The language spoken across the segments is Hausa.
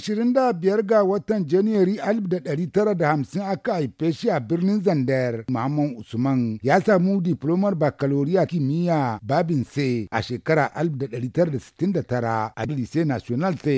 25 ga watan Janairu 1950 aka haife shi a birnin Zandar. Muhammad Usman ya samu diplomar baccalaureate kimiyya babin se a shekara 1969 a Lycée National ta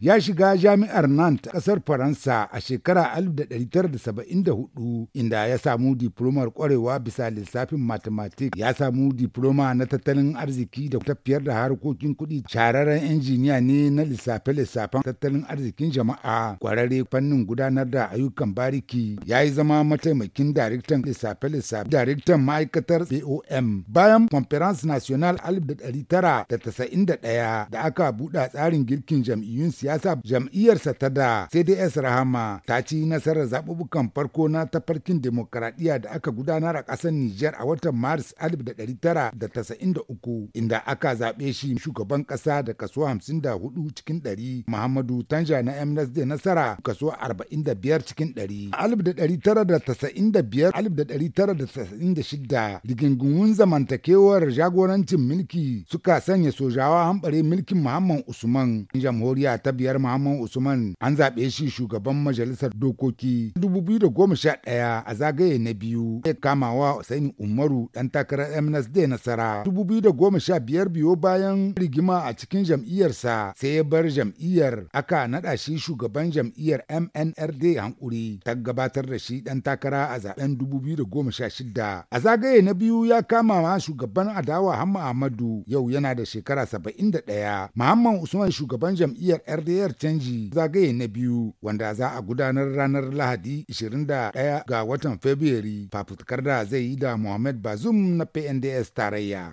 Ya shiga jami'ar Nantes kasar Faransa a shekara 1974 inda ya samu diplomar kwarewa bisa lissafin mathematics. Ya samu diploma na tattalin arziki da tafiyar da harkokin kuɗi. Shararren injiniya ne na lissafe-lissafen tattalin arziki arzikin jama'a kwararre fannin gudanar da ayyukan bariki ya yi zama mataimakin daraktan lissafe-lissafe daraktan ma'aikatar bom bayan conference national 1991 da da ɗaya aka buɗa tsarin girkin jam'iyyun siyasa jam'iyyarsa ta da cds rahama ta ci nasarar zaɓuɓɓukan farko na tafarkin demokaradiyya da aka gudanar a ƙasar niger a watan maris 1993 inda aka zaɓe shi shugaban ƙasa da kaso 54 cikin ɗari muhammadu tan Niger na MNS da nasara kaso 45 cikin 100. A 1995 1996 rigingimun zamantakewar jagorancin mulki suka sanya sojawa hanɓare mulkin Muhammad Usman. Jamhuriya ta biyar Muhammad Usman an zaɓe shi shugaban majalisar dokoki 2011 a zagaye na biyu ya wa Usaini Umaru ɗan takarar da nasara 2015 biyo bayan rigima a cikin jam'iyyarsa sai ya bar jam'iyyar aka naɗa shi shugaban jam'iyyar MNRD hankuri ta gabatar da shi ɗan takara a zaben 2016. A zagaye na biyu ya kama ma shugaban adawa Hamma Ahmadu yau yana da shekara 71. Muhammad Usman shugaban jam'iyyar RDR canji zagaye na biyu wanda za a gudanar ranar Lahadi 21 ga watan Fabrairu fafutukar da zai yi da Muhammad Bazum na PNDS tarayya.